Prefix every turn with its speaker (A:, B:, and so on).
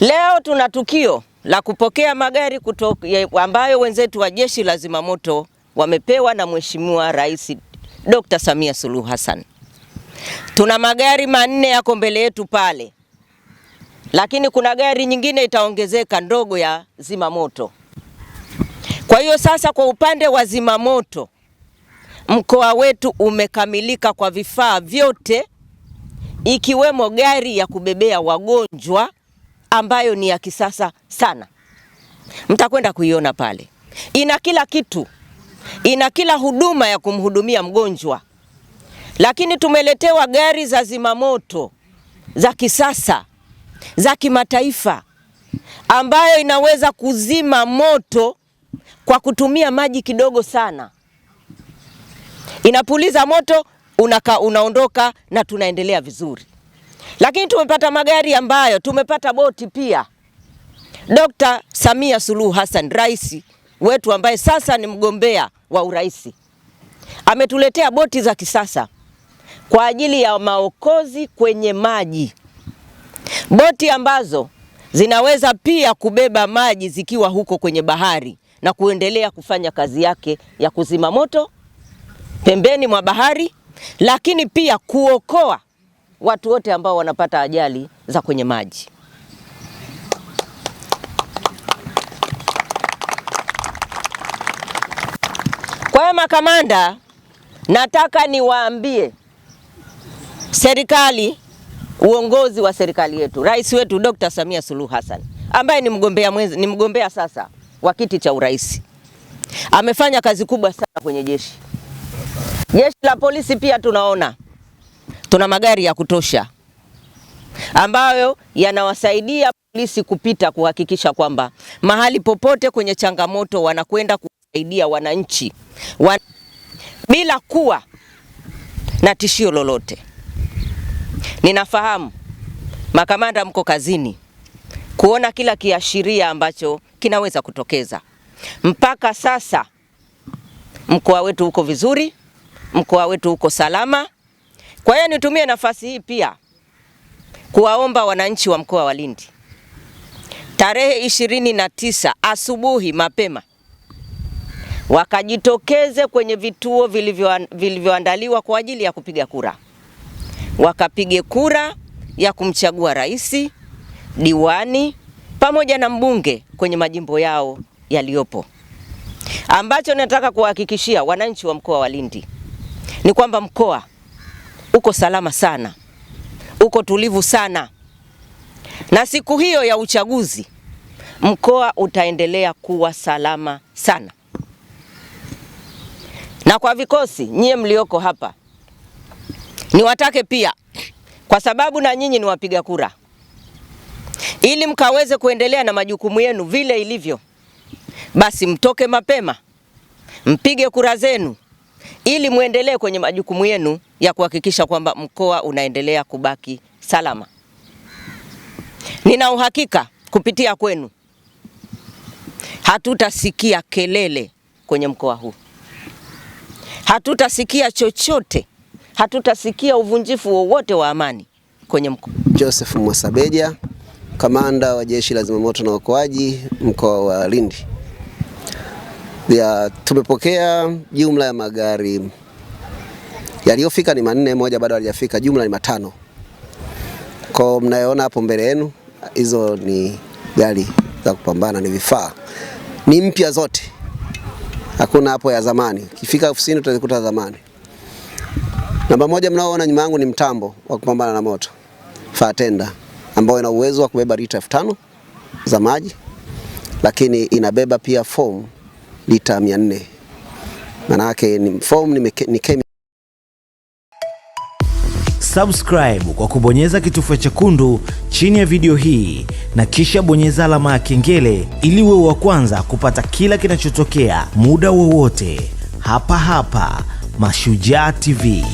A: Leo tuna tukio la kupokea magari kutoka ambayo wenzetu wa Jeshi la Zimamoto wamepewa na Mheshimiwa Rais Dr. Samia Suluhu Hassan. Tuna magari manne yako mbele yetu pale, lakini kuna gari nyingine itaongezeka ndogo ya zimamoto. Kwa hiyo sasa, kwa upande wa zimamoto, mkoa wetu umekamilika kwa vifaa vyote, ikiwemo gari ya kubebea wagonjwa ambayo ni ya kisasa sana, mtakwenda kuiona pale. Ina kila kitu, ina kila huduma ya kumhudumia mgonjwa, lakini tumeletewa gari za zimamoto za kisasa za kimataifa ambayo inaweza kuzima moto kwa kutumia maji kidogo sana. Inapuliza moto unaka, unaondoka na tunaendelea vizuri. Lakini tumepata magari ambayo tumepata boti pia. Dkt. Samia Suluhu Hassan, rais wetu ambaye sasa ni mgombea wa urais, ametuletea boti za kisasa kwa ajili ya maokozi kwenye maji, boti ambazo zinaweza pia kubeba maji zikiwa huko kwenye bahari na kuendelea kufanya kazi yake ya kuzima moto pembeni mwa bahari, lakini pia kuokoa watu wote ambao wanapata ajali za kwenye maji. Kwa hiyo makamanda, nataka niwaambie serikali, uongozi wa serikali yetu, rais wetu Dr. Samia Suluhu Hassan ambaye ni mgombea mwenzi, ni mgombea sasa wa kiti cha urais, amefanya kazi kubwa sana kwenye jeshi. Jeshi la polisi pia tunaona tuna magari ya kutosha ambayo yanawasaidia polisi kupita kuhakikisha kwamba mahali popote kwenye changamoto wanakwenda kusaidia wananchi wan... bila kuwa na tishio lolote. Ninafahamu makamanda mko kazini kuona kila kiashiria ambacho kinaweza kutokeza. Mpaka sasa mkoa wetu uko vizuri, mkoa wetu uko salama, kwa hiyo nitumie nafasi hii pia kuwaomba wananchi wa mkoa wa Lindi tarehe ishirini na tisa asubuhi mapema wakajitokeze kwenye vituo vilivyoandaliwa kwa ajili ya kupiga kura, wakapige kura ya kumchagua rais, diwani pamoja na mbunge kwenye majimbo yao yaliyopo. Ambacho nataka kuwahakikishia wananchi wa mkoa wa Lindi ni kwamba mkoa uko salama sana, uko tulivu sana, na siku hiyo ya uchaguzi mkoa utaendelea kuwa salama sana. Na kwa vikosi nyie mlioko hapa niwatake pia, kwa sababu na nyinyi ni wapiga kura, ili mkaweze kuendelea na majukumu yenu vile ilivyo, basi mtoke mapema mpige kura zenu ili muendelee kwenye majukumu yenu ya kuhakikisha kwamba mkoa unaendelea kubaki salama. Nina uhakika kupitia kwenu hatutasikia kelele kwenye mkoa huu, hatutasikia chochote, hatutasikia uvunjifu wowote wa amani kwenye mkoa.
B: Joseph Mwasabeja, kamanda wa Jeshi la Zimamoto na Uokoaji mkoa wa Lindi ya, tumepokea jumla ya magari yaliyofika ni manne, moja bado halijafika, jumla ni matano. Kwa mnayoona hapo mbele yenu, hizo ni gari za kupambana, ni vifaa, ni mpya zote, hakuna hapo ya zamani. Kifika ofisini utazikuta zamani. Namba moja mnaoona nyuma yangu ni mtambo wa kupambana na moto fire tender, ambao ina uwezo wa kubeba lita elfu tano za maji, lakini inabeba pia fomu lita 400. Maana yake ni form ni, ni kemi.
C: Subscribe kwa kubonyeza kitufe chekundu chini ya video hii na kisha bonyeza alama ya kengele ili uwe wa kwanza kupata kila kinachotokea muda wowote hapa hapa Mashujaa TV.